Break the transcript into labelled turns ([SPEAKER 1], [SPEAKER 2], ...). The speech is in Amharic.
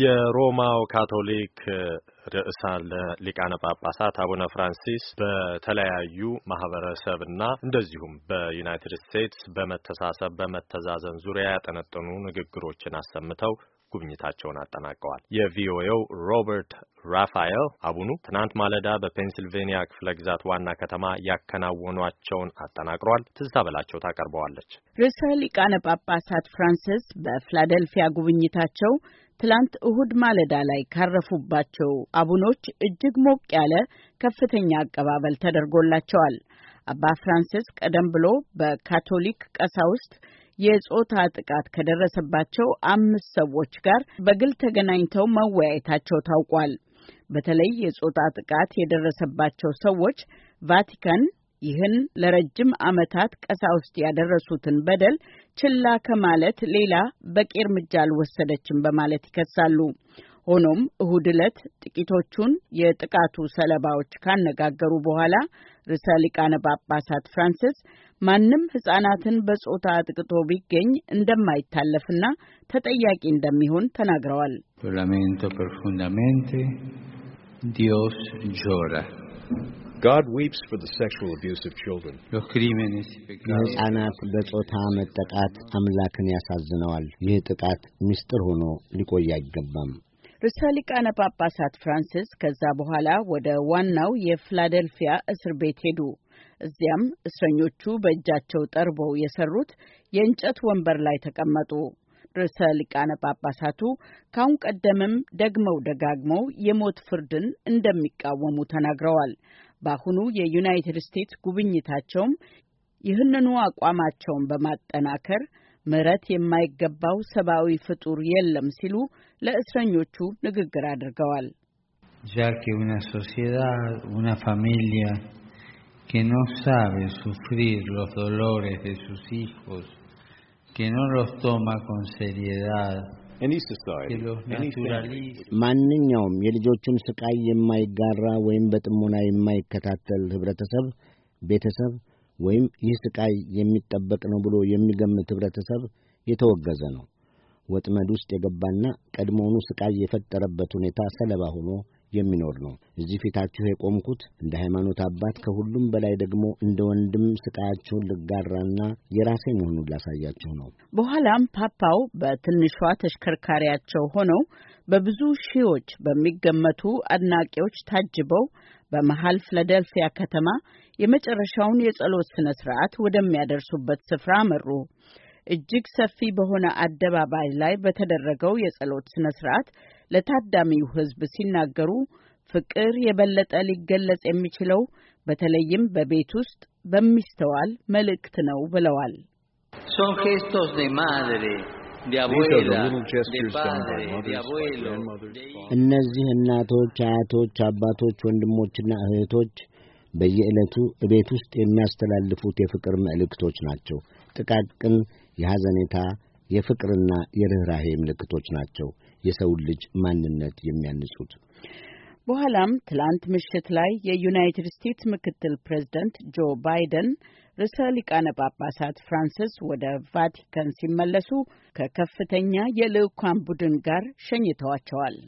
[SPEAKER 1] የሮማው ካቶሊክ ርዕሰ ሊቃነ ጳጳሳት አቡነ ፍራንሲስ በተለያዩ ማህበረሰብና እንደዚሁም በዩናይትድ ስቴትስ በመተሳሰብ በመተዛዘን ዙሪያ ያጠነጠኑ ንግግሮችን አሰምተው ጉብኝታቸውን አጠናቀዋል። የቪኦኤው ሮበርት ራፋኤል አቡኑ ትናንት ማለዳ በፔንሲልቬኒያ ክፍለ ግዛት ዋና ከተማ ያከናወኗቸውን አጠናቅሯል። ትዝታ በላቸው ታቀርበዋለች። ርዕሰ ሊቃነ ጳጳሳት ፍራንሲስ በፊላደልፊያ ጉብኝታቸው ትላንት እሁድ ማለዳ ላይ ካረፉባቸው አቡኖች እጅግ ሞቅ ያለ ከፍተኛ አቀባበል ተደርጎላቸዋል። አባ ፍራንሲስ ቀደም ብሎ በካቶሊክ ቀሳውስት የጾታ ጥቃት ከደረሰባቸው አምስት ሰዎች ጋር በግል ተገናኝተው መወያየታቸው ታውቋል። በተለይ የጾታ ጥቃት የደረሰባቸው ሰዎች ቫቲካን ይህን ለረጅም ዓመታት ቀሳውስት ያደረሱትን በደል ችላ ከማለት ሌላ በቂ እርምጃ አልወሰደችም በማለት ይከሳሉ። ሆኖም እሁድ ዕለት ጥቂቶቹን የጥቃቱ ሰለባዎች ካነጋገሩ በኋላ ርዕሰ ሊቃነ ጳጳሳት ፍራንሲስ ማንም ሕፃናትን በጾታ አጥቅቶ ቢገኝ እንደማይታለፍና ተጠያቂ እንደሚሆን ተናግረዋል።
[SPEAKER 2] ላሜንቶ ፕሮፉንዳሜንቴ ዲዮስ ጆራ
[SPEAKER 1] God weeps for the sexual abuse of children.
[SPEAKER 2] የሕፃናት በጾታ መጠቃት አምላክን ያሳዝነዋል። ይህ ጥቃት ምስጢር ሆኖ ሊቆይ አይገባም።
[SPEAKER 1] ርዕሰ ሊቃነ ጳጳሳት ፍራንሲስ ከዛ በኋላ ወደ ዋናው የፊላደልፊያ እስር ቤት ሄዱ። እዚያም እስረኞቹ በእጃቸው ጠርበው የሰሩት የእንጨት ወንበር ላይ ተቀመጡ። ርዕሰ ሊቃነ ጳጳሳቱ ካሁን ቀደምም ደግመው ደጋግመው የሞት ፍርድን እንደሚቃወሙ ተናግረዋል። በአሁኑ የዩናይትድ ስቴትስ ጉብኝታቸውም ይህንኑ አቋማቸውን በማጠናከር ምሕረት የማይገባው ሰብአዊ ፍጡር የለም ሲሉ ለእስረኞቹ ንግግር አድርገዋል።
[SPEAKER 2] que no sabe sufrir los ማንኛውም የልጆቹን ስቃይ የማይጋራ ወይም በጥሞና የማይከታተል ህብረተሰብ፣ ቤተሰብ ወይም ይህ ስቃይ የሚጠበቅ ነው ብሎ የሚገምት ህብረተሰብ የተወገዘ ነው። ወጥመድ ውስጥ የገባና ቀድሞውኑ ስቃይ የፈጠረበት ሁኔታ ሰለባ ሆኖ የሚኖር ነው። እዚህ ፊታችሁ የቆምኩት እንደ ሃይማኖት አባት ከሁሉም በላይ ደግሞ እንደ ወንድም ስቃያችሁን ልጋራና የራሴ መሆኑን ላሳያችሁ ነው።
[SPEAKER 1] በኋላም ፓፓው በትንሿ ተሽከርካሪያቸው ሆነው በብዙ ሺዎች በሚገመቱ አድናቂዎች ታጅበው በመሃል ፍላደልፊያ ከተማ የመጨረሻውን የጸሎት ሥነ ሥርዓት ወደሚያደርሱበት ስፍራ መሩ እጅግ ሰፊ በሆነ አደባባይ ላይ በተደረገው የጸሎት ሥነ ሥርዓት ለታዳሚው ሕዝብ ሲናገሩ ፍቅር የበለጠ ሊገለጽ የሚችለው በተለይም በቤት ውስጥ በሚስተዋል መልእክት ነው ብለዋል።
[SPEAKER 2] እነዚህ እናቶች፣ አያቶች፣ አባቶች፣ ወንድሞችና እህቶች በየዕለቱ ቤት ውስጥ የሚያስተላልፉት የፍቅር መልእክቶች ናቸው። ጥቃቅን የሐዘኔታ የፍቅርና የርኅራሄ ምልክቶች ናቸው። የሰውን ልጅ ማንነት የሚያንጹት።
[SPEAKER 1] በኋላም ትላንት ምሽት ላይ የዩናይትድ ስቴትስ ምክትል ፕሬዝደንት ጆ ባይደን ርዕሰ ሊቃነ ጳጳሳት ፍራንሲስ ወደ ቫቲካን ሲመለሱ ከከፍተኛ የልዑካን ቡድን ጋር ሸኝተዋቸዋል።